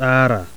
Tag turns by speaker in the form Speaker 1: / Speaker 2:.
Speaker 1: tsara